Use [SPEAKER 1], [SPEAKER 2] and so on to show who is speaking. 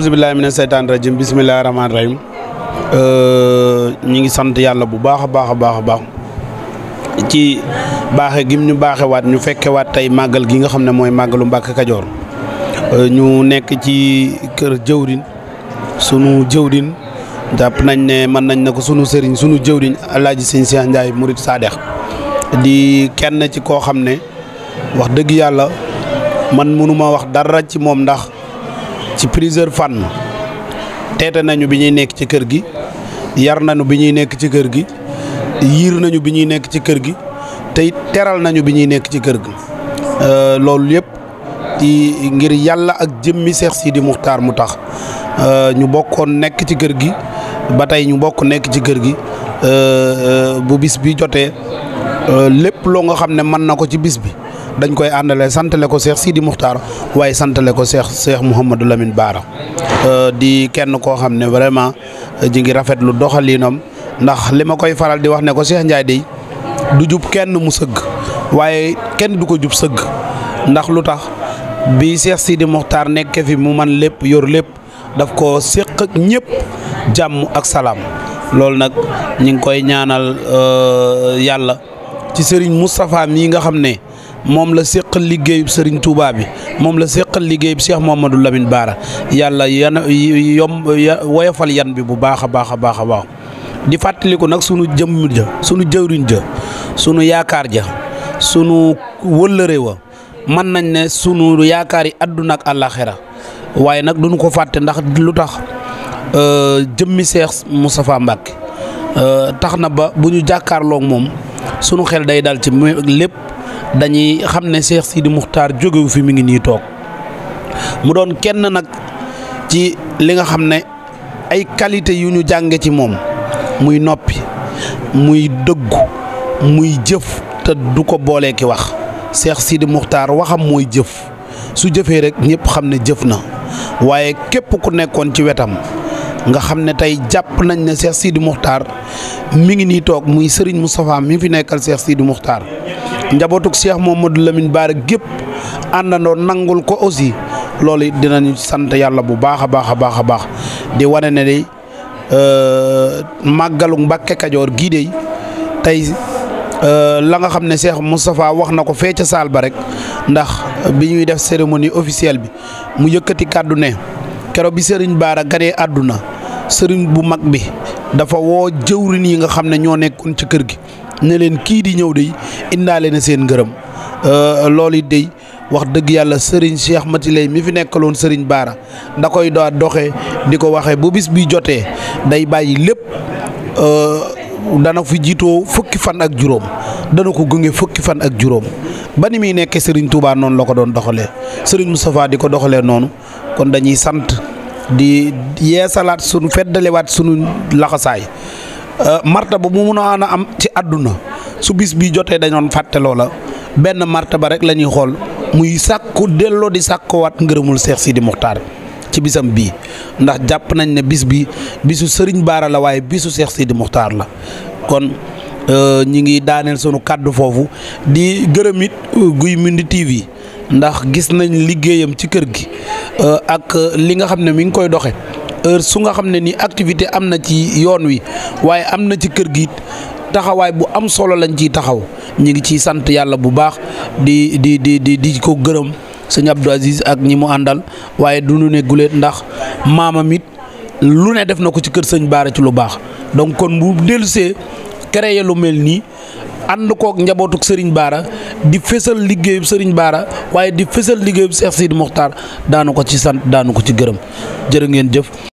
[SPEAKER 1] aousubillahi mina seytaan rajim bisimillahi rahmaani rahim euh, ñi ngi sant yàlla bu baax a baax a baax a baax ci baaxe gim ñu baaxewaat ñu waat tey màggal gi nga xam ne mooy màggalu Mbàkke Kajoor euh, ñu nekk ci kër jëwrin sunu jëwrin jàpp nañ ne mën nañ na ko sunu sëriñ sunu jëwriñ alaaji sëñ Cheikh Ndiaye Murid Sadex di kenn ci koo xam ne wax dëgg yàlla man mënuma wax dara ci moom ndax ci plusieurs fànn teete nañu bi ñuy nekk ci kër gi yar nañu bi ñuy nekk ci kër gi yiir nañu bi ñuy nekk ci kër gi te teral nañu bi ñuy nekk ci kër gi euh, loolu yëpp ci ngir yàlla ak jëmmi Seex Sidi Muxtaar mu tax euh, ñu bokkoon nekk ci kër gi ba tey ñu bokk nekk ci kër gi euh, bu bis bi jotee lépp loo nga xam ne mën na ko ci bis bi dañ koy àndale santale ko Cheikh Sidi Moukhtar waaye santale ko Cheikh Cheikh Mouhamadou Lamine Baara euh, di kenn koo xam ne vraiment euh, jigi ngi rafet lu doxaliinam ndax li ma koy faral di wax ne ko Cheikh Ndiaye day du jub kenn mu sëgg waaye kenn du ko jub sëgg ndax lu tax bi Cheikh Sidi Moukhtar nekk fi mu man lépp yor lépp daf ko séq ak ñëpp jàmm ak salaam loolu nag ñu ngi koy ñaanal euh, yàlla ci Serigne Moustapha mii nga xam ne. mom la sekkal liggéeyub serigne Touba bi mom la sekkal liggéeyub Cheikh Mouhamadou Lamine bara yalla yan yom ya, wayofal yan bi bu baakha baakha baakha a baax a baax di fàttaliku nak sunu jëmm ja sunu jëwriñ ja sunu yaakar ja sunu wëllëre wa man nañ ne sunu yaakari aduna ak alakhirah waye nak duñ ko faté ndax lu tax euh, jëmmi Cheikh mustapha Mbacke euh taxna ba buñu ñu jàkkaarloog sunu xel day dal ci lepp dañuy xam ne Cheikh Sidi Muxtaar jógewu fi mu ngi nii toog mu doon kenn nag ci li nga xam ne ay qualité yu ñu jànge ci moom muy noppi muy dëggu muy jëf te du ko boole ki wax Cheikh Sidi Muxtaar waxam mooy jëf su jëfee rek ñëpp xam ne jëf na waaye képp ku nekkoon ci wetam nga xam ne tey jàpp nañ ne Cheikh Sidi Muxtaar mi ngi nii toog muy mu Moustapha mi fi nekkal Cheikh Sidi Muxtaar njabotuk Cheikh Mamadou Lamine bar gep andano nangul ko aussi loli dinañ sante yalla bu baakha baakha baakha baakh di wane ne de euh, màggalu Mbàkke Kajoor gii tay euh la nga xamne Cheikh mustapha wax ko saal ba rek ndax bi def cérémonie officielle bi mu yëkëti kaddu ne kéro bi Serigne Bara ganee aduna serigne bu mag bi dafa wo jëwrin yi nga xamne ño nekkun ci kër gi ne leen kii di ñëw day indaale na seen ngërëm euh, loolu it day wax dëgg yàlla Serigne Cheikh Mati Lay mi fi nekkaloon Serigne Baara da koy daa doxe di ko waxee bu bis bi jotee day bàyyi lépp euh, dana fi jiitoo fukki fan ak juróom dana ko gunge fukki fan ak juróom ba ni muy nekkee Serigne Touba noonu la ko doon doxalee Serigne Moustapha di ko doxalee noonu kon dañuy sant di yeesalaat sunu feddalewaat sunu laxasaay. Euh, martaba mu mun a am ci àdduna su bis bi jotee dañoo fàtte loola benn martaba rek la ñuy xool muy sàkku delloo di sàkkuwaat ngërëmul Seex Sidi Muxtaar ci bisam bii ndax jàpp nañ ne bis bi bisu Sëriñ Baara la waaye bisu Seex Sidi Muxtaar la kon euh, ñu ngi daaneel sunu kàddu foofu di gërëmit euh, guy Gouy Mbinde TV ndax gis nañ liggéeyam ci kër gi ak li nga xam ne mu ngi koy doxe heure su nga xam ne nii activité am na ci yoon wi waaye am na ci kër gi taxawaay bu am solo lañ ciy taxaw ñu ngi ciy sant yàlla bu baax di di di di di ko gërëm sëñ Abdou Aziz ak ñi mu àndal waaye du ñu ne guléet ndax maamam it lu ne def na ko ci kër sëñ Baara ci lu baax donc kon bu dellusee créé lu mel nii ànd kook njabootuk sëriñ Baara di fësal liggéeyub sëriñ Baara waaye di fësal liggéeyub Cheikh Sidi Mokhtar daanu ko ci sant daanu ko ci gërëm jërë ngeen jëf